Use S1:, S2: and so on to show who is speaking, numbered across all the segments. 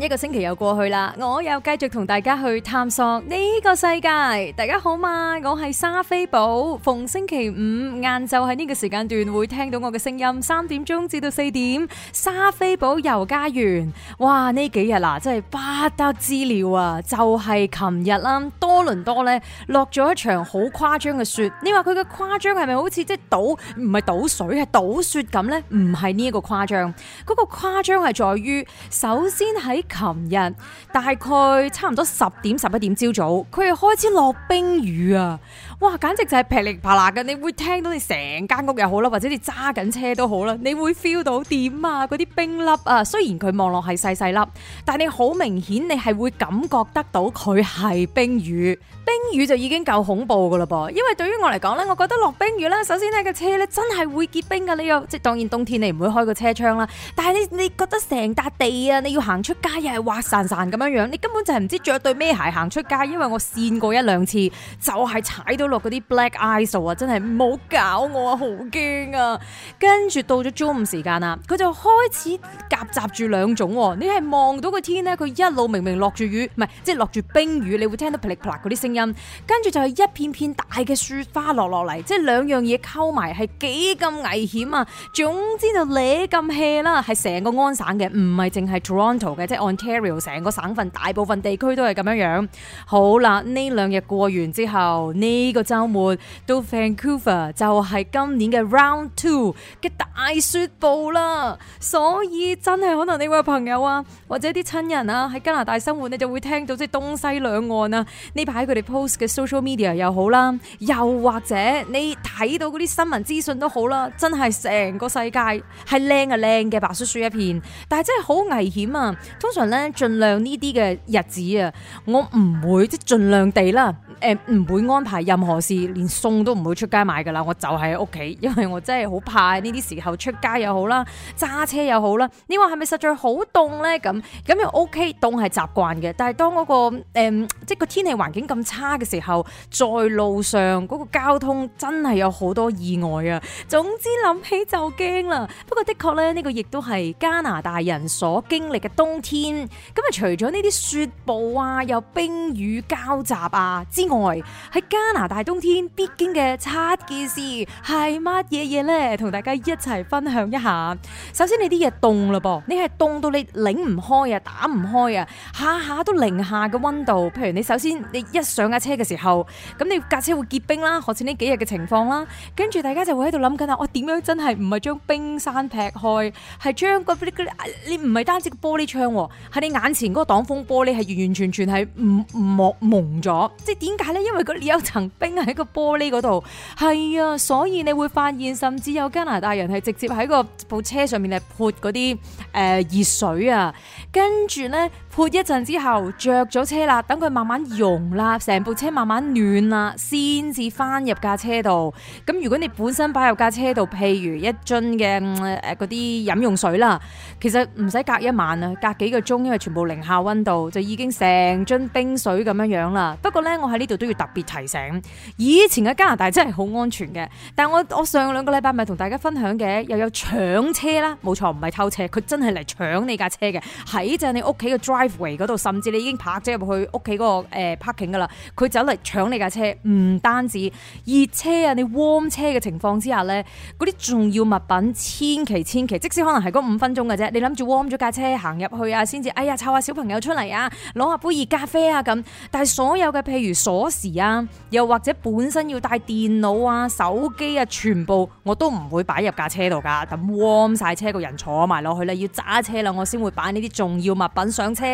S1: 一個星期又過去啦，我又繼續同大家去探索呢個世界。大家好嘛？我係莎菲寶。逢星期五晏晝喺呢個時間段會聽到我嘅聲音，三點鐘至到四點。莎菲寶遊加園。哇，呢幾日嗱、啊、真係不得之了啊！就係琴日啦，多倫多呢落咗一場好誇張嘅雪。你話佢嘅誇張係咪好似即係倒唔係倒水係倒雪咁呢？唔係呢一個誇張，嗰、那個誇張係在於首先喺。琴日大概差唔多十點十一點朝早，佢係開始落冰雨啊！哇，簡直就係噼里啪啦嘅！你會聽到你成間屋又好啦，或者你揸緊車都好啦，你會 feel 到點啊？嗰啲冰粒啊，雖然佢望落係細細粒，但係你好明顯，你係會感覺得到佢係冰雨。冰雨就已經夠恐怖噶啦噃，因為對於我嚟講咧，我覺得落冰雨咧，首先呢個車咧真係會結冰噶。呢又即係當然冬天你唔會開個車窗啦，但係你你覺得成笪地啊，你要行出街又係滑潺潺咁樣樣，你根本就係唔知着對咩鞋行出街。因為我跣過一兩次，就係踩到。嗰啲 black ice 啊，真係唔好搞我啊，好驚啊！跟住到咗中午時間啊，佢就開始夾雜住兩種喎。你係望到個天咧，佢一路明明落住雨，唔係即係落住冰雨，你會聽到噼里啪啦嗰啲聲音，跟住就係一片片大嘅雪花落落嚟，即係兩樣嘢溝埋，係幾咁危險啊！總之就你咁氣啦，係成個安省嘅，唔係淨係 Toronto 嘅，即係 Ontario 成個省份大部分地區都係咁樣樣。好啦，呢兩日過完之後呢？呢個周末到 Vancouver 就係今年嘅 Round Two 嘅大雪暴啦，所以真係可能你位朋友啊，或者啲親人啊喺加拿大生活，你就會聽到即係東西兩岸啊，呢排佢哋 post 嘅 social media 又好啦，又或者你睇到啲新聞資訊都好啦，真係成個世界係靚啊靚嘅白雪雪一片，但係真係好危險啊！通常咧盡量呢啲嘅日子啊，我唔會即係盡量地啦，誒、呃、唔會安排任何事連餸都唔會出街買㗎啦。我就喺屋企，因為我真係好怕呢啲時候出街又好啦，揸車又好啦。你話係咪實在好凍呢？咁咁又 OK，凍係習慣嘅。但係當嗰個，誒，即係個天氣環境咁差嘅時候，在路上嗰個交通真係有好多意外啊！總之諗起就驚啦。不過的確咧，呢個亦都係加拿大人所經歷嘅冬天。咁啊，除咗呢啲雪暴啊，又冰雨交集啊之外，喺加拿大。大冬天必經嘅七件事係乜嘢嘢咧？同大家一齊分享一下。首先你啲嘢凍嘞噃，你係凍到你擰唔開啊，打唔開啊，下下都零下嘅溫度。譬如你首先你一上架車嘅時候，咁你架車會結冰啦，好似呢幾日嘅情況啦。跟住大家就會喺度諗緊啊，我點樣真係唔係將冰山劈開，係將嗰、嗰啲、你唔係單止玻璃窗，喺你眼前嗰個擋風玻璃係完完全全係唔唔蒙蒙咗。即係點解咧？因為你有層。冰喺個玻璃嗰度，係啊，所以你會發現，甚至有加拿大人係直接喺個部車上面嚟潑嗰啲誒熱水啊，跟住咧。潑一陣之後，着咗車啦，等佢慢慢溶啦，成部車慢慢暖啦，先至翻入架車度。咁如果你本身擺入架車度，譬如一樽嘅誒嗰啲飲用水啦，其實唔使隔一晚啊，隔幾個鐘，因為全部零下溫度就已經成樽冰水咁樣樣啦。不過咧，我喺呢度都要特別提醒，以前嘅加拿大真係好安全嘅。但係我我上兩個禮拜咪同大家分享嘅，又有搶車啦，冇錯，唔係偷車，佢真係嚟搶你架車嘅，喺就係你屋企嘅 drive。嗰度甚至你已經泊咗入去屋企嗰個誒 parking 噶啦，佢走嚟搶你架車，唔單止熱車啊，你 warm 車嘅情況之下咧，嗰啲重要物品千祈千祈，即使可能係嗰五分鐘嘅啫，你諗住 warm 咗架車行入去啊，先至哎呀，湊下小朋友出嚟啊，攞下杯熱咖啡啊咁，但係所有嘅譬如鎖匙啊，又或者本身要帶電腦啊、手機啊，全部我都唔會擺入架車度噶，等 warm 晒車個人坐埋落去啦，要揸車啦，我先會擺呢啲重要物品上車。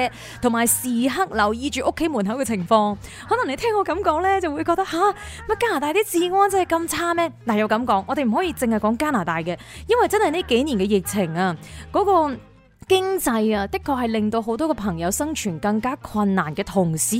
S1: 同埋時刻留意住屋企門口嘅情況，可能你聽我咁講呢，就會覺得吓，乜加拿大啲治安真係咁差咩？嗱，又咁講，我哋唔可以淨係講加拿大嘅，因為真係呢幾年嘅疫情啊，嗰個經濟啊，的確係令到好多個朋友生存更加困難嘅同時，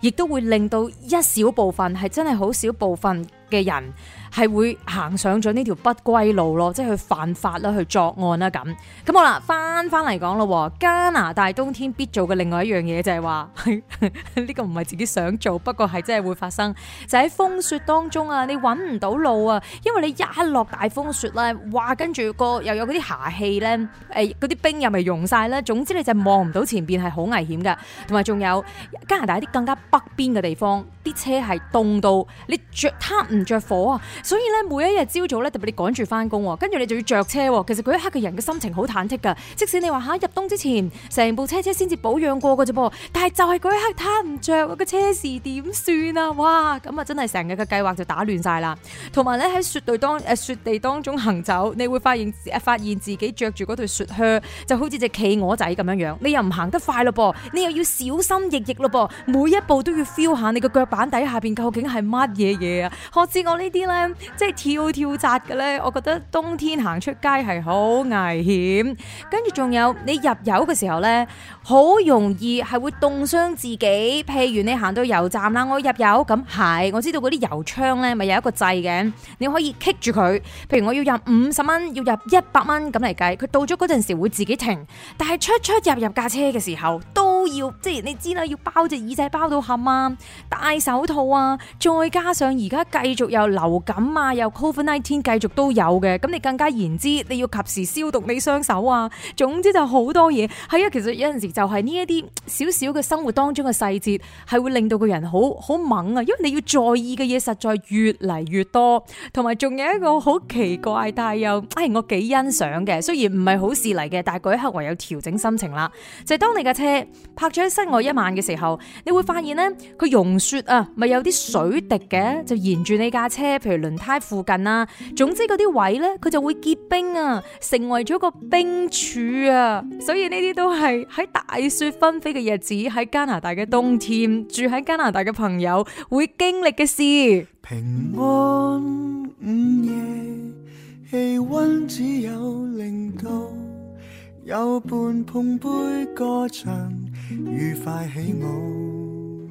S1: 亦都會令到一小部分係真係好少部分嘅人。係會行上咗呢條不歸路咯，即係去犯法啦，去作案啦咁。咁好啦翻翻嚟講咯，加拿大冬天必做嘅另外一樣嘢就係話，呢 個唔係自己想做，不過係真係會發生。就喺風雪當中啊，你搵唔到路啊，因為你一,一落大風雪咧，哇，跟住個又有嗰啲霞氣咧，誒，嗰啲冰又咪融晒咧，總之你就望唔到前邊，係好危險嘅。同埋仲有加拿大啲更加北邊嘅地方，啲車係凍到你着貪唔着火啊！所以咧，每一日朝早咧，特別你趕住翻工，跟住你就要着車、哦。其實嗰一刻嘅人嘅心情好忐忑噶。即使你話吓入冬之前，成部車車先至保養過嘅啫噃，但係就係嗰一刻撻唔着個車時點算啊！哇，咁啊真係成日嘅計劃就打亂晒啦。同埋咧喺雪地當誒、呃、雪地當中行走，你會發現誒、呃、發現自己着住嗰對雪靴，就好似隻企鵝仔咁樣樣。你又唔行得快咯噃，你又要小心翼翼咯噃，每一步都要 feel 下你個腳板底下邊究竟係乜嘢嘢啊？學似我呢啲咧～即係跳跳紮嘅咧，我覺得冬天行出街係好危險。跟住仲有你入油嘅時候呢，好容易係會凍傷自己。譬如你行到油站啦，我入油咁係，我知道嗰啲油槍呢咪有一個掣嘅，你可以棘住佢。譬如我要入五十蚊，要入一百蚊咁嚟計，佢到咗嗰陣時會自己停。但係出出入入架車嘅時候都要，即係你知啦，要包隻耳仔包到冚啊，戴手套啊，再加上而家繼續有流感。咁啊，又 Covid nineteen 繼續都有嘅，咁你更加言之，你要及時消毒你雙手啊。總之就好多嘢，係、哎、啊，其實有陣時就係呢一啲小小嘅生活當中嘅細節，係會令到個人好好猛啊。因為你要在意嘅嘢實在越嚟越多，同埋仲有一個好奇怪，但係又，唉、哎，我幾欣賞嘅，雖然唔係好事嚟嘅，但係嗰一刻唯有調整心情啦。就係、是、當你架車泊咗喺室外一晚嘅時候，你會發現咧，佢溶雪啊，咪有啲水滴嘅，就沿住你架車，譬如輪胎附近啦，總之嗰啲位呢，佢就會結冰啊，成為咗個冰柱啊，所以呢啲都係喺大雪紛飛嘅日子，喺加拿大嘅冬天住喺加拿大嘅朋友會經歷嘅事。
S2: 平安午夜，氣溫只有零度，有伴碰杯歌唱，愉快起舞。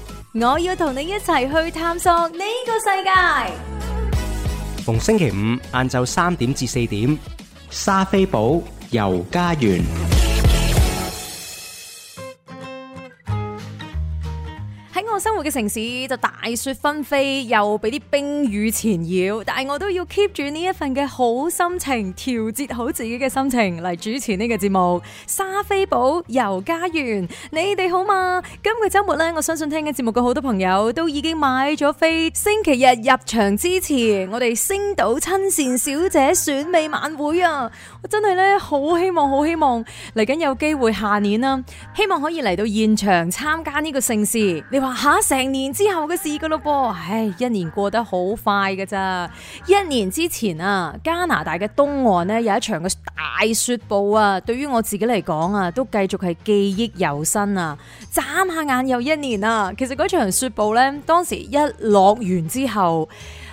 S3: 我要同你一齊去探索呢個世界。
S4: 逢星期五晏晝三點至四點，莎菲寶遊加園。
S1: 喺我心嘅城市就大雪紛飛，又俾啲冰雨纏繞，但係我都要 keep 住呢一份嘅好心情，調節好自己嘅心情嚟主持呢個節目。莎菲寶遊加園，你哋好嗎？今個周末咧，我相信聽緊節目嘅好多朋友都已經買咗飛，星期日入場支持我哋星島親善小姐選美晚會啊！我真係咧好希望，好希望嚟緊有機會下年啦，希望可以嚟到現場參加呢個盛事。你話下？成年之後嘅事噶咯噃，唉，一年過得好快噶咋！一年之前啊，加拿大嘅東岸呢有一場嘅大雪暴啊，對於我自己嚟講啊，都繼續係記憶猶新啊！眨下眼又一年啊，其實嗰場雪暴呢，當時一落完之後。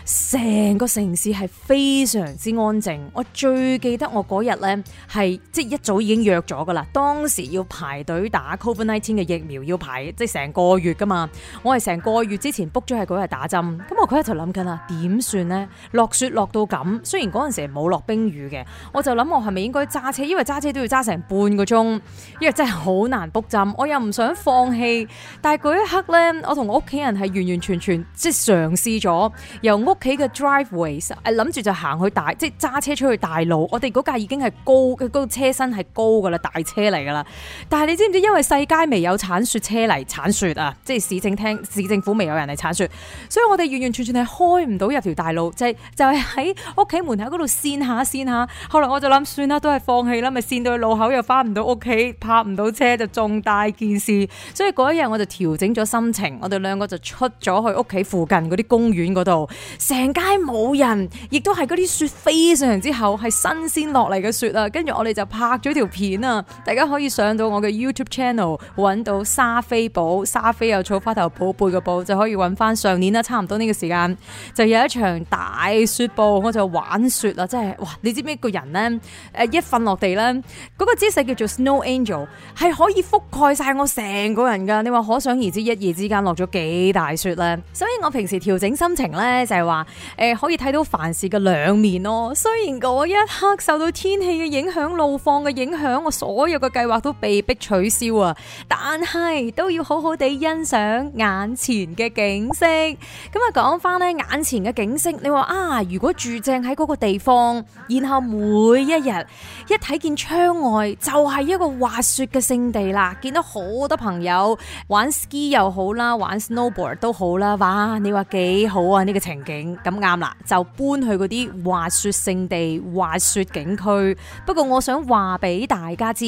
S1: 成個城市係非常之安靜，我最記得我嗰日呢，係即係一早已經約咗噶啦，當時要排隊打 COVID-19 嘅疫苗要排，即係成個月噶嘛。我係成個月之前 book 咗喺嗰日打針，咁我佢喺度諗緊啊點算呢？落雪落到咁，雖然嗰陣時冇落冰雨嘅，我就諗我係咪應該揸車？因為揸車都要揸成半個鐘，因為真係好難 book 針，我又唔想放棄。但係嗰一刻呢，我同我屋企人係完完全全即係嘗試咗由屋屋企嘅 driveways，誒諗住就行去大，即係揸車出去大路。我哋嗰架已經係高，佢、那、嗰個車身係高噶啦，大車嚟噶啦。但係你知唔知道？因為細街未有鏟雪車嚟鏟雪啊，即係市政廳、市政府未有人嚟鏟雪，所以我哋完完全全係開唔到入條大路，就係就係喺屋企門口嗰度扇下扇下。後來我就諗，算啦，都係放棄啦，咪扇到去路口又翻唔到屋企，泊唔到車就重大件事。所以嗰一日我就調整咗心情，我哋兩個就出咗去屋企附近嗰啲公園嗰度。成街冇人，亦都係嗰啲雪非常之厚係新鮮落嚟嘅雪啊！跟住我哋就拍咗條片啊，大家可以上到我嘅 YouTube channel 揾到莎菲寶，莎菲又草花頭寶貝嘅寶，就可以揾翻上年啦，差唔多呢個時間就有一場大雪暴，我就玩雪啦！即係，哇！你知唔知個人咧，誒一瞓落地咧，嗰、嗰個姿勢叫做 snow angel，係可以覆蓋晒我成個人噶。你話可想而知，一夜之間落咗幾大雪咧，所以我平時調整心情咧就係話。誒、呃，可以睇到凡事嘅兩面咯。雖然嗰一刻受到天氣嘅影響、路況嘅影響，我所有嘅計劃都被迫取消啊。但係都要好好地欣賞眼前嘅景色。咁啊，講翻呢眼前嘅景色，你話啊，如果住正喺嗰個地方，然後每一日一睇見窗外就係、是、一個滑雪嘅聖地啦，見到好多朋友玩 ski 又好啦，玩 snowboard 都好啦，哇！你話幾好啊？呢、這個情景。咁啱啦，就搬去嗰啲滑雪勝地、滑雪景區。不過我想話俾大家知，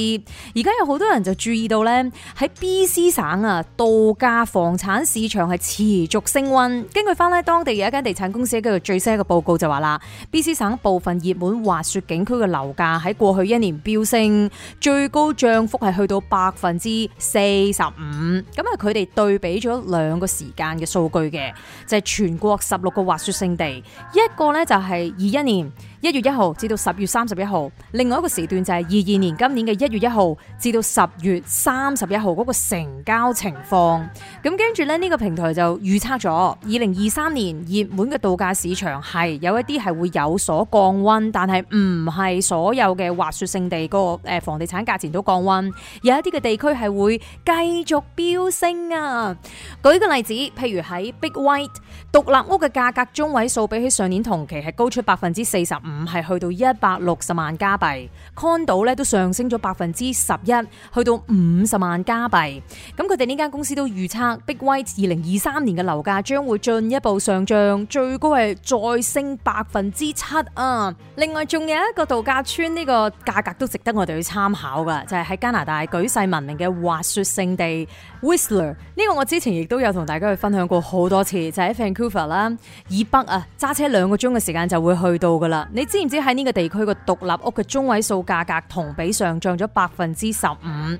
S1: 而家有好多人就注意到呢，喺 B.C 省啊，度假房產市場係持續升溫。根據翻咧當地嘅一間地產公司嘅最新一個報告就話啦，B.C 省部分熱門滑雪景區嘅樓價喺過去一年飆升，最高漲幅係去到百分之四十五。咁啊，佢哋對比咗兩個時間嘅數據嘅，就係、是、全國十六個滑雪景。雪勝地，一個咧就係二一年一月一號至到十月三十一號，另外一個時段就係二二年今年嘅一月一號至到十月三十一號嗰個成交情況。咁跟住咧呢個平台就預測咗二零二三年熱門嘅度假市場係有一啲係會有所降溫，但係唔係所有嘅滑雪勝地嗰個誒房地產價錢都降溫，有一啲嘅地區係會繼續飆升啊！舉個例子，譬如喺 Big White。獨立屋嘅價格中位數比起上年同期係高出百分之四十五，係去到一百六十萬加幣。Condo 咧都上升咗百分之十一，去到五十萬加幣。咁佢哋呢間公司都預測，Big White 二零二三年嘅樓價將會進一步上漲，最高係再升百分之七啊！另外仲有一個度假村呢個價格都值得我哋去參考噶，就係喺加拿大舉世聞名嘅滑雪勝地。Whistler 呢個我之前亦都有同大家去分享過好多次，就喺、是、Vancouver 啦，以北啊，揸車兩個鐘嘅時間就會去到噶啦。你知唔知喺呢個地區個獨立屋嘅中位數價格同比上漲咗百分之十五？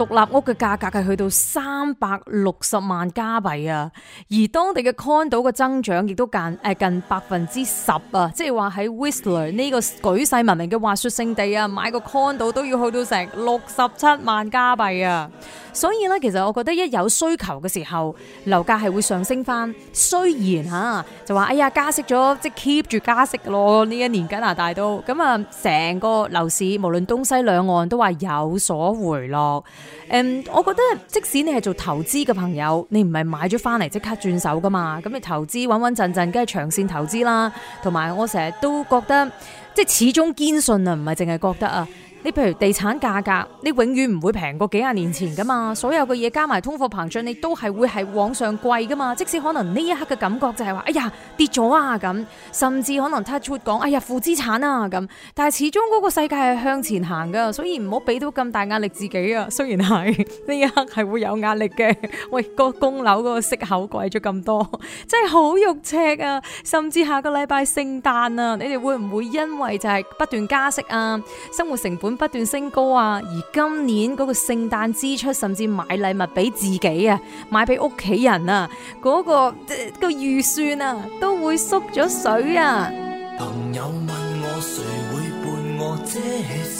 S1: 獨立屋嘅價格係去到三百六十萬加幣啊，而當地嘅 condo 嘅增長亦都近誒近百分之十啊，即係話喺 Whistler 呢個舉世聞名嘅滑雪勝地啊，買個 condo 都要去到成六十七萬加幣啊，所以呢，其實我覺得一有需求嘅時候，樓價係會上升返。雖然嚇、啊、就話哎呀加息咗，即係 keep 住加息咯呢一年加拿大都咁啊，成個樓市無論東西兩岸都話有所回落。誒，And, 我覺得即使你係做投資嘅朋友，你唔係買咗返嚟即刻轉手㗎嘛？咁你投資穩穩陣陣，梗係長線投資啦。同埋我成日都覺得，即係始終堅信啊，唔係淨係覺得啊。你譬如地產價格，你永遠唔會平過幾廿年前噶嘛。所有嘅嘢加埋通貨膨脹，你都係會係往上貴噶嘛。即使可能呢一刻嘅感覺就係話，哎呀跌咗啊咁，甚至可能 touch wood 講，哎呀負資產啊咁。但係始終嗰個世界係向前行噶，所以唔好俾到咁大壓力自己啊。雖然係呢一刻係會有壓力嘅，喂，個供樓嗰個息口貴咗咁多，真係好肉赤啊。甚至下個禮拜聖誕啊，你哋會唔會因為就係不斷加息啊，生活成本？不斷升高啊！而今年嗰個聖誕支出，甚至買禮物俾自己啊，買俾屋企人啊，嗰、那個、呃那個預算啊，都會縮咗水啊！
S5: 朋友問我誰會伴我這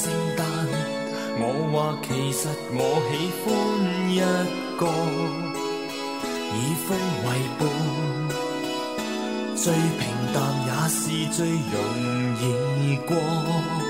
S5: 聖誕？我話其實我喜歡一個以風為伴，最平淡也是最容易過。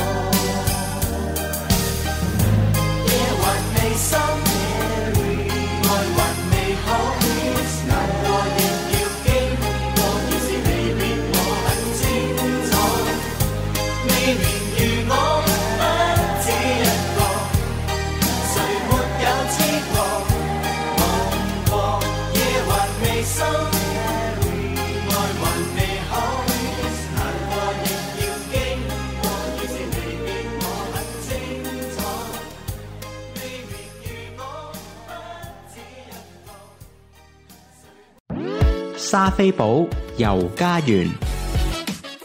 S4: 莎菲寶遊加園，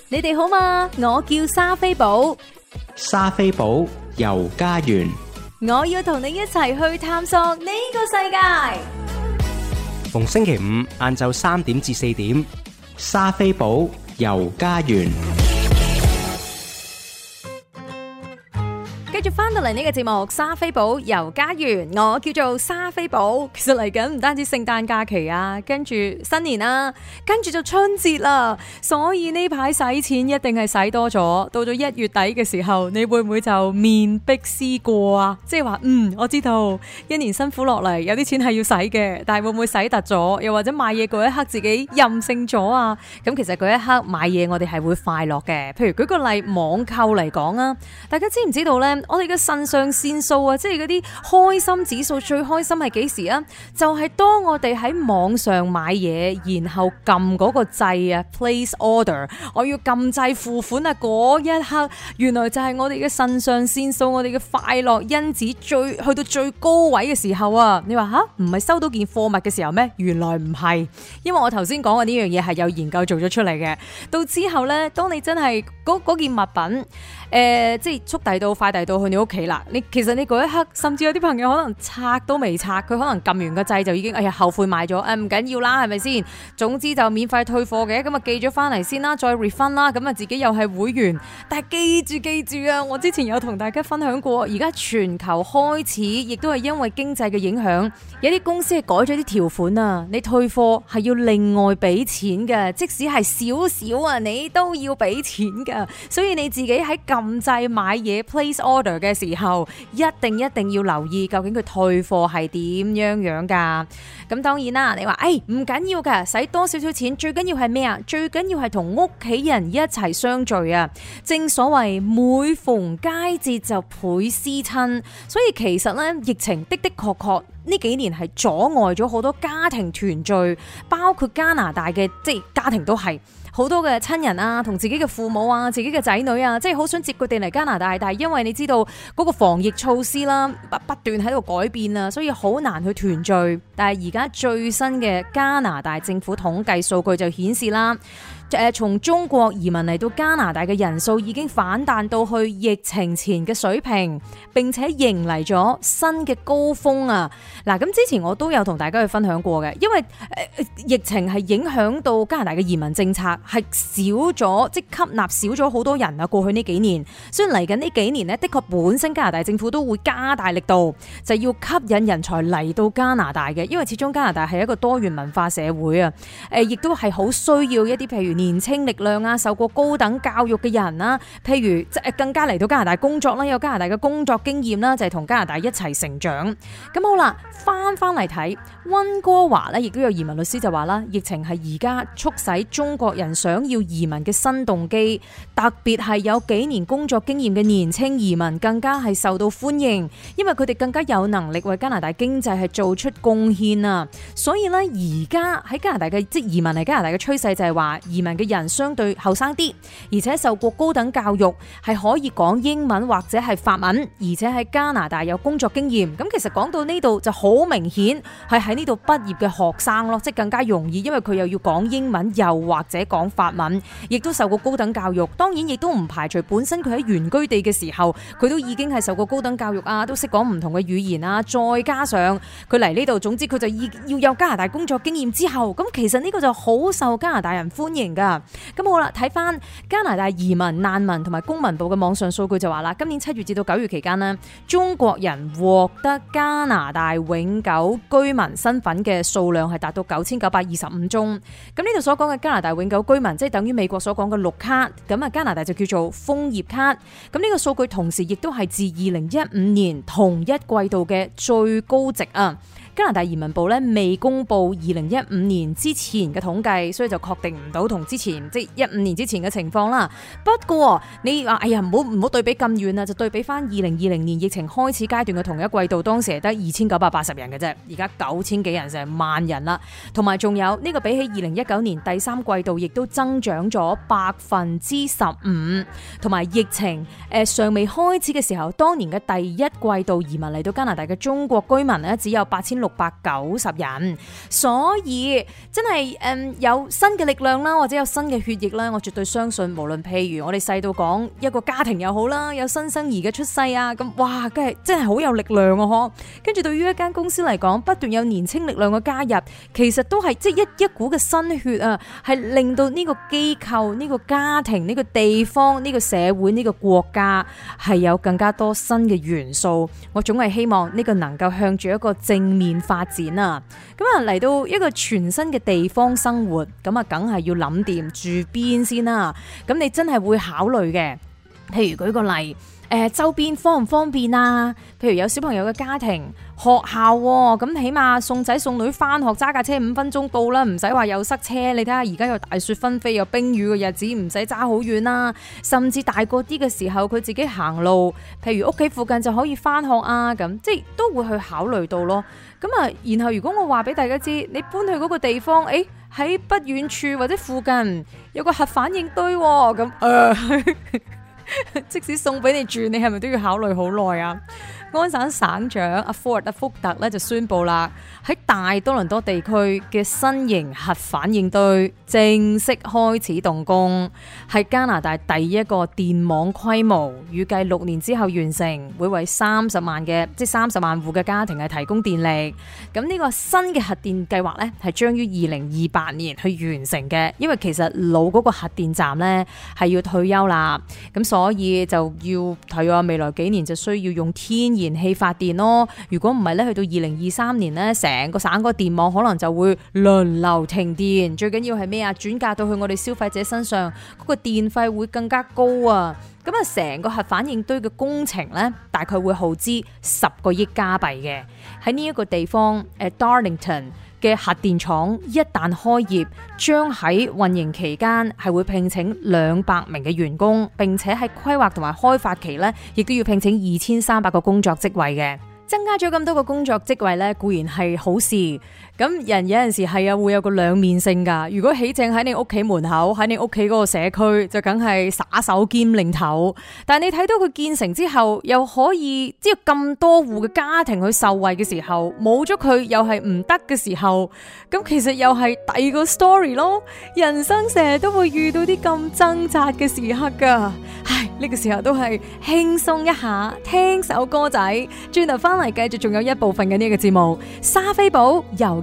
S3: 你哋好嘛？我叫莎菲寶，
S4: 莎菲寶遊加園，
S3: 我要同你一齊去探索呢個世界。
S4: 逢星期五晏晝三點至四點，莎菲寶遊加園。
S1: 嚟呢個節目莎菲寶遊加園，我叫做莎菲寶。其實嚟緊唔單止聖誕假期啊，跟住新年啊，跟住就春節啦，啊，所以呢排使錢一定係使多咗。到咗一月底嘅時候，你會唔會就面壁思過啊？即係話嗯，我知道一年辛苦落嚟，有啲錢係要使嘅，但係會唔會使突咗？又或者買嘢嗰一刻自己任性咗啊？咁其實嗰一刻買嘢我哋係會快樂嘅。譬如舉個例網購嚟講啊，大家知唔知道呢？我哋嘅新腎上腺素啊，即係啲開心指數最開心係幾時啊？就係、是、當我哋喺網上買嘢，然後撳個掣啊，place order，我要撳掣付款啊，嗰一刻，原來就係我哋嘅腎上腺素，我哋嘅快樂因子最去到最高位嘅時候啊！你話吓，唔係收到件貨物嘅時候咩？原來唔係，因為我頭先講嘅呢樣嘢係有研究做咗出嚟嘅。到之後咧，當你真係嗰件物品，誒、呃，即係速遞到、快遞到去你屋企。啦，你其實你嗰一刻，甚至有啲朋友可能拆都未拆，佢可能撳完個掣就已經，哎呀，後悔買咗，誒，唔緊要啦，係咪先？總之就免費退貨嘅，咁啊寄咗翻嚟先啦，再 refund 啦，咁啊自己又係會員，但係記住記住啊，我之前有同大家分享過而家全球開始，亦都係因為經濟嘅影響，有啲公司係改咗啲條款啊，你退貨係要另外俾錢嘅，即使係少少啊，你都要俾錢噶。所以你自己喺撳掣買嘢 place order 嘅時，時候一定一定要留意，究竟佢退貨係點樣樣噶？咁當然啦，你話誒，唔緊要嘅，使多少少錢，最緊要係咩啊？最緊要係同屋企人一齊相聚啊！正所謂每逢佳節就倍思親，所以其實呢，疫情的的確確呢幾年係阻礙咗好多家庭團聚，包括加拿大嘅即係家庭都係。好多嘅親人啊，同自己嘅父母啊，自己嘅仔女啊，即係好想接佢哋嚟加拿大，但係因為你知道嗰個防疫措施啦，不不斷喺度改變啊，所以好難去團聚。但係而家最新嘅加拿大政府統計數據就顯示啦。就誒從中國移民嚟到加拿大嘅人數已經反彈到去疫情前嘅水平，並且迎嚟咗新嘅高峰啊！嗱，咁之前我都有同大家去分享過嘅，因為、呃、疫情係影響到加拿大嘅移民政策係少咗，即係吸納少咗好多人啊！過去呢幾年，雖然嚟緊呢幾年咧，的確本身加拿大政府都會加大力度，就要吸引人才嚟到加拿大嘅，因為始終加拿大係一個多元文化社會啊！誒、呃，亦都係好需要一啲譬如。年青力量啊，受過高等教育嘅人啦，譬如即係更加嚟到加拿大工作啦，有加拿大嘅工作經驗啦，就係、是、同加拿大一齊成長。咁好啦，翻翻嚟睇，溫哥華呢，亦都有移民律師就話啦，疫情係而家促使中國人想要移民嘅新動機，特別係有幾年工作經驗嘅年青移民更加係受到歡迎，因為佢哋更加有能力為加拿大經濟係做出貢獻啊。所以呢，而家喺加拿大嘅即移民係加拿大嘅趨勢就係話移。嘅人，人相對後生啲，而且受過高等教育，係可以講英文或者係法文，而且喺加拿大有工作經驗。咁其實講到呢度就好明顯係喺呢度畢業嘅學生咯，即係更加容易，因為佢又要講英文，又或者講法文，亦都受過高等教育。當然亦都唔排除本身佢喺原居地嘅時候，佢都已經係受過高等教育啊，都識講唔同嘅語言啊。再加上佢嚟呢度，總之佢就要要有加拿大工作經驗之後，咁其實呢個就好受加拿大人歡迎。噶咁好啦，睇翻加拿大移民難民同埋公民部嘅網上數據就話啦，今年七月至到九月期間呢，中國人獲得加拿大永久居民身份嘅數量係達到九千九百二十五宗。咁呢度所講嘅加拿大永久居民，即係等於美國所講嘅綠卡，咁啊加拿大就叫做楓葉卡。咁、這、呢個數據同時亦都係自二零一五年同一季度嘅最高值啊。加拿大移民部咧未公布二零一五年之前嘅統計，所以就確定唔到同之前即一五年之前嘅情況啦。不過你話哎呀，唔好唔好對比咁遠啊，就對比翻二零二零年疫情開始階段嘅同一季度，當時係得二千九百八十人嘅啫，而家九千幾人成萬人啦。同埋仲有呢個比起二零一九年第三季度，亦都增長咗百分之十五。同埋疫情誒尚、呃、未開始嘅時候，當年嘅第一季度移民嚟到加拿大嘅中國居民咧只有八千六。六百九十人，所以真係誒、嗯、有新嘅力量啦，或者有新嘅血液啦，我絕對相信。無論譬如我哋細到講一個家庭又好啦，有新生兒嘅出世啊，咁哇，梗係真係好有力量啊！嗬，跟住對於一間公司嚟講，不斷有年輕力量嘅加入，其實都係即係一一股嘅新血啊，係令到呢個機構、呢個家庭、呢個地方、呢個社會、呢個國家係有更加多新嘅元素。我總係希望呢個能夠向住一個正面。發展啊，咁啊嚟到一個全新嘅地方生活，咁啊梗係要諗掂住邊先啦。咁你真係會考慮嘅，譬如舉個例。誒、呃，周邊方唔方便啊？譬如有小朋友嘅家庭、學校、啊，咁起碼送仔送女翻學揸架車五分鐘到啦，唔使話又塞車。你睇下而家有大雪紛飛有冰雨嘅日子，唔使揸好遠啦。甚至大個啲嘅時候，佢自己行路，譬如屋企附近就可以翻學啊。咁即係都會去考慮到咯。咁啊，然後如果我話俾大家知，你搬去嗰個地方，誒喺不遠處或者附近有個核反應堆，咁啊。呃 即使送俾你住，你係咪都要考慮好耐啊？安省省長阿福特福特咧，就宣布啦，喺大多倫多地區嘅新型核反應堆正式開始動工，係加拿大第一個電網規模，預計六年之後完成，會為三十萬嘅即三十萬戶嘅家庭係提供電力。咁呢個新嘅核電計劃呢，係將於二零二八年去完成嘅，因為其實老嗰個核電站呢，係要退休啦。咁所所以就要睇下未來幾年就需要用天然氣發電咯。如果唔係咧，去到二零二三年咧，成個省個電網可能就會輪流停電。最緊要係咩啊？轉嫁到去我哋消費者身上，個電費會更加高啊！咁啊，成個核反應堆嘅工程咧，大概會耗資十個億加幣嘅。喺呢一個地方，誒 Darlington。嘅核電廠一旦開業，將喺運營期間係會聘請兩百名嘅員工，並且喺規劃同埋開發期咧，亦都要聘請二千三百個工作職位嘅，增加咗咁多個工作職位咧，固然係好事。咁人有陣時係啊，會有個兩面性噶。如果起正喺你屋企門口，喺你屋企嗰個社區，就梗係撒手兼擰頭。但你睇到佢建成之後，又可以即係咁多戶嘅家庭去受惠嘅時候，冇咗佢又係唔得嘅時候，咁其實又係第二個 story 咯。人生成日都會遇到啲咁掙扎嘅時刻噶。唉，呢個時候都係輕鬆一下，聽首歌仔，轉頭翻嚟繼續，仲有一部分嘅呢個節目莎菲寶遊。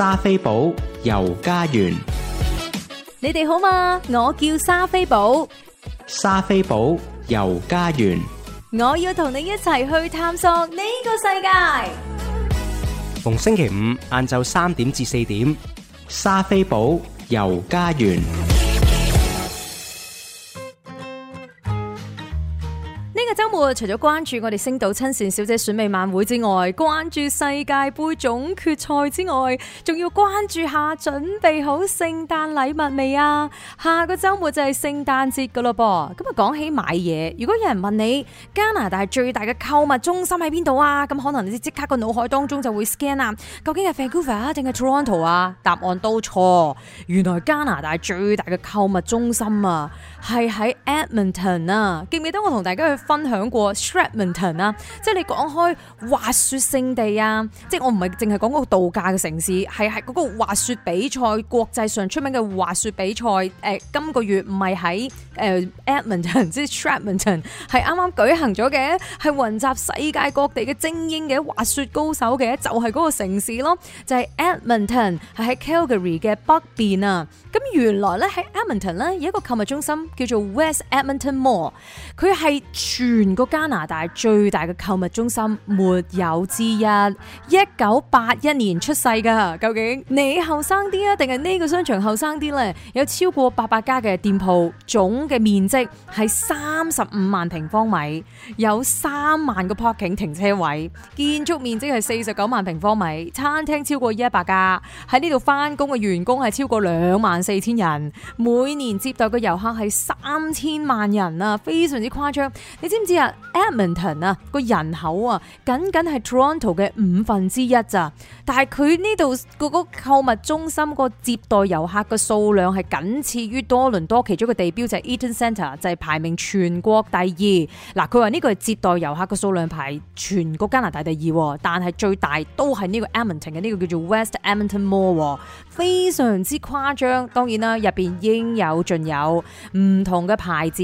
S4: 莎菲寶遊加園，
S3: 你哋好嘛？我叫莎菲寶。莎
S4: 菲寶遊加園，
S3: 我要同你一齊去探索呢個世界。
S4: 逢星期五晏晝三點至四點，莎菲寶遊加園。
S1: 除咗關注我哋星島親善小姐選美晚會之外，關注世界盃總決賽之外，仲要關注下準備好聖誕禮物未啊？下個周末就係聖誕節噶咯噃。咁啊，講起買嘢，如果有人問你加拿大最大嘅購物中心喺邊度啊？咁可能你即刻個腦海當中就會 scan 啊，究竟係 Vancouver 啊定係 Toronto 啊？答案都錯，原來加拿大最大嘅購物中心啊係喺 Edmonton 啊！記唔記得我同大家去分享？過 Shredmonton 啊，即係你講開滑雪勝地啊，即係我唔係淨係講個度假嘅城市，係係嗰個滑雪比賽，國際上出名嘅滑雪比賽，誒，今個月唔係喺誒 Edmonton 即係 Shredmonton 係啱啱舉行咗嘅，係雲集世界各地嘅精英嘅滑雪高手嘅，就係嗰個城市咯，就係 Edmonton 係喺 Calgary 嘅北邊啊，咁原來咧喺 Edmonton 咧有一個購物中心叫做 West Edmonton Mall，佢係全。加拿大最大嘅購物中心沒有之一，一九八一年出世噶，究竟你後生啲啊，定係呢個商場後生啲咧？有超過八百家嘅店鋪，總嘅面積係三十五萬平方米，有三萬個 parking 停車位，建築面積係四十九萬平方米，餐廳超過一百家，喺呢度翻工嘅員工係超過兩萬四千人，每年接待嘅遊客係三千萬人啊，非常之誇張，你知唔知啊？Edmonton 啊，個人口啊，僅僅係 Toronto 嘅五分之一咋，但係佢呢度個個購物中心個接待遊客嘅數量係僅次於多倫多，其中一個地標就係、是、Eaton Centre，就係排名全國第二。嗱，佢話呢個係接待遊客嘅數量排全國加拿大第二，但係最大都係呢個 Edmonton 嘅呢個叫做 West Edmonton Mall。非常之誇張，當然啦，入邊應有盡有，唔同嘅牌子、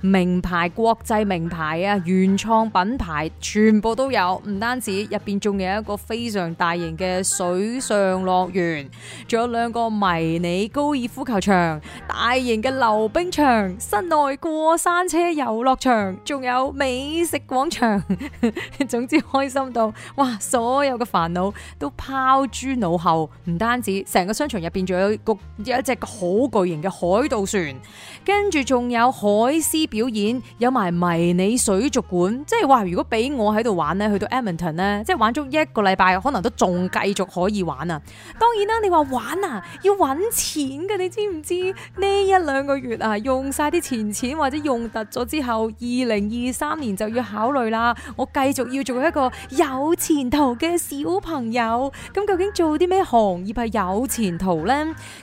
S1: 名牌、國際名牌啊，原創品牌全部都有。唔單止，入邊仲有一個非常大型嘅水上樂園，仲有兩個迷你高爾夫球場、大型嘅溜冰場、室內過山車遊樂場，仲有美食廣場呵呵。總之開心到，哇！所有嘅煩惱都拋諸腦後。唔單止，成個。商場入邊仲有有一隻好巨型嘅海盜船，跟住仲有海獅表演，有埋迷你水族館，即係話如果俾我喺度玩呢，去到 Edmonton 呢，即係玩足一個禮拜，可能都仲繼續可以玩啊！當然啦，你話玩啊，要揾錢噶，你知唔知呢一兩個月啊，用晒啲錢錢或者用突咗之後，二零二三年就要考慮啦。我繼續要做一個有前途嘅小朋友，咁究竟做啲咩行業係有前？前途咧，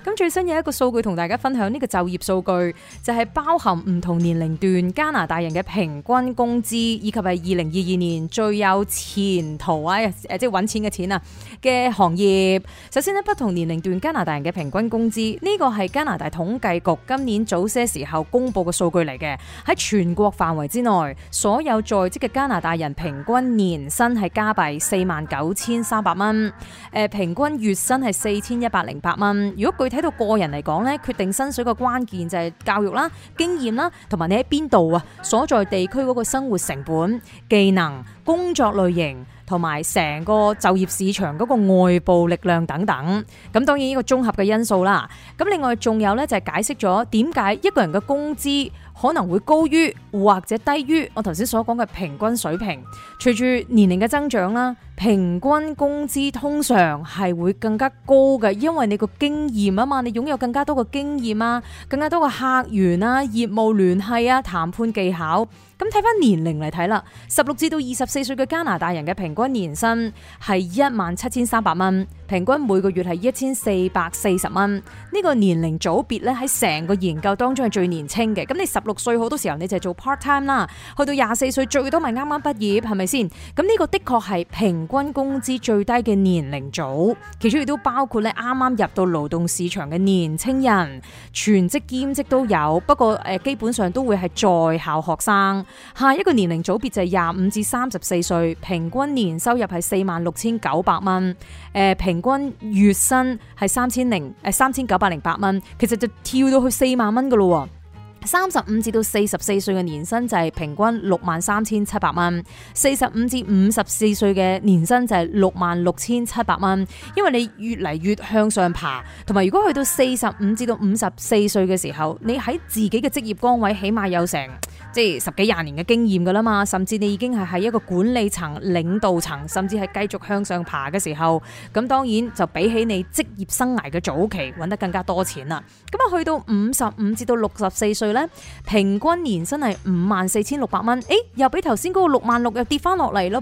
S1: 咁最新有一個數據同大家分享，呢個就業數據就係包含唔同年齡段加拿大人嘅平均工資，以及係二零二二年最有前途啊，即係揾錢嘅錢啊！嘅行業，首先呢不同年齡段加拿大人嘅平均工資，呢個係加拿大統計局今年早些時候公布嘅數據嚟嘅。喺全國範圍之內，所有在職嘅加拿大人平均年薪係加幣四萬九千三百蚊，誒，平均月薪係四千一百零八蚊。如果具體到個人嚟講呢，決定薪水嘅關鍵就係教育啦、經驗啦，同埋你喺邊度啊，所在地區嗰個生活成本、技能、工作類型。同埋成個就業市場嗰個外部力量等等，咁當然呢個綜合嘅因素啦。咁另外仲有呢，就係解釋咗點解一個人嘅工資，可能會高於或者低於我頭先所講嘅平均水平。隨住年齡嘅增長啦，平均工資通常係會更加高嘅，因為你個經驗啊嘛，你擁有更加多嘅經驗啊，更加多嘅客源啊，業務聯繫啊，談判技巧。咁睇翻年齡嚟睇啦，十六至到二十四歲嘅加拿大人嘅平均年薪係一萬七千三百蚊，平均每個月係一千四百四十蚊。呢個年齡組別咧，喺成個研究當中係最年輕嘅。咁你十六歲好多時候你就係做 part time 啦，去到廿四歲最多咪啱啱畢業係咪先？咁呢個的確係平均工資最低嘅年齡組，其中亦都包括咧啱啱入到勞動市場嘅年青人，全職兼職都有。不過誒，基本上都會係在校學生。下一個年齡組別就係廿五至三十四歲，平均年收入係四萬六千九百蚊，誒、呃，平均月薪係三千零誒三千九百零八蚊，其實就跳到去四萬蚊噶咯。三十五至到四十四歲嘅年薪就係平均六萬三千七百蚊，四十五至五十四歲嘅年薪就係六萬六千七百蚊，因為你越嚟越向上爬，同埋如果去到四十五至到五十四歲嘅時候，你喺自己嘅職業崗位起碼有成。即係十幾廿年嘅經驗㗎啦嘛，甚至你已經係喺一個管理層、領導層，甚至係繼續向上爬嘅時候，咁當然就比起你職業生涯嘅早期揾得更加多錢啦。咁啊，去到五十五至到六十四歲呢，平均年薪係五萬四千六百蚊，誒，又比頭先嗰個六萬六又跌翻落嚟咯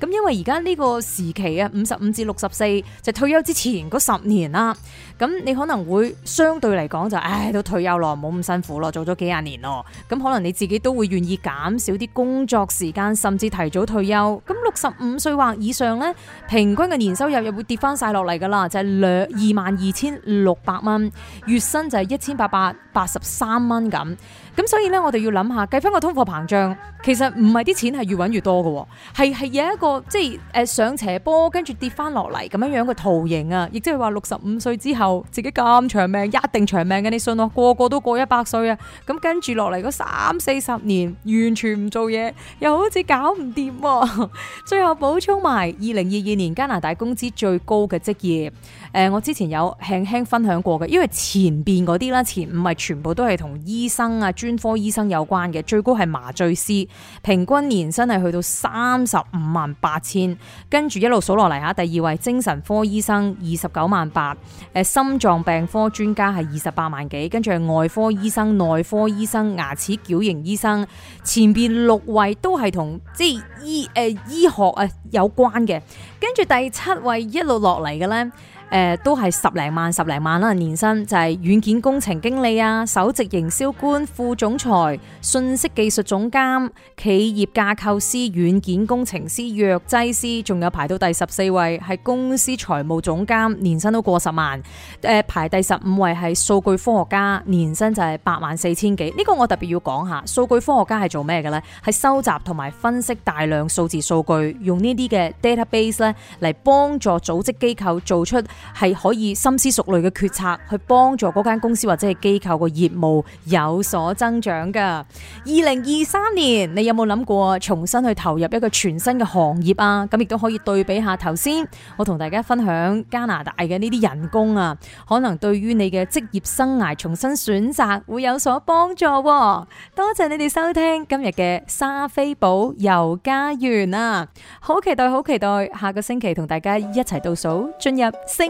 S1: 噃。咁因為而家呢個時期啊，五十五至六十四就是退休之前嗰十年啦，咁你可能會相對嚟講就，唉，都退休咯，冇咁辛苦咯，做咗幾廿年咯，咁可能你自己。都會願意減少啲工作時間，甚至提早退休。咁六十五歲或以上呢，平均嘅年收入又會跌翻晒落嚟噶啦，就係兩二萬二千六百蚊，月薪，就係一千八百八十三蚊咁。咁所以呢，我哋要諗下，計翻個通貨膨脹，其實唔係啲錢係越搵越多嘅，係係有一個即係、呃、上斜坡，跟住跌翻落嚟咁樣樣嘅圖形啊。亦即係話六十五歲之後，自己咁長命，一定長命嘅，你信咯？個個都過一百歲啊！咁跟住落嚟嗰三四十。十年完全唔做嘢，又好似搞唔掂。最後補充埋二零二二年加拿大工資最高嘅職業。誒，我之前有輕輕分享過嘅，因為前邊啲啦，前五係全部都係同醫生啊、專科醫生有關嘅，最高係麻醉師，平均年薪係去到三十五萬八千，跟住一路數落嚟吓，第二位精神科醫生二十九萬八，誒，心臟病科專家係二十八萬幾，跟住外科醫生、內科醫生、牙齒矯形醫生。生前邊六位都係同即醫誒、呃、醫學啊有關嘅，跟住第七位一路落嚟嘅咧。誒、呃，都係十零萬、十零萬啦，年薪就係軟件工程經理啊、首席營銷官、副總裁、信息技術總監、企業架構師、軟件工程師、藥劑師，仲有排到第十四位係公司財務總監，年薪都過十萬。誒、呃，排第十五位係數據科學家，年薪就係八萬四千幾。呢、這個我特別要講下，數據科學家係做咩嘅呢？係收集同埋分析大量數字數據，用呢啲嘅 database 咧嚟幫助組織機構做出，係可以深思熟慮嘅決策，去幫助嗰間公司或者係機構個業務有所增長噶。二零二三年，你有冇諗過重新去投入一個全新嘅行業啊？咁亦都可以對比下頭先我同大家分享加拿大嘅呢啲人工啊，可能對於你嘅職業生涯重新選擇會有所幫助啊。多謝你哋收聽今日嘅莎菲寶遊加園啊！好期待，好期待，下個星期同大家一齊倒數進入星、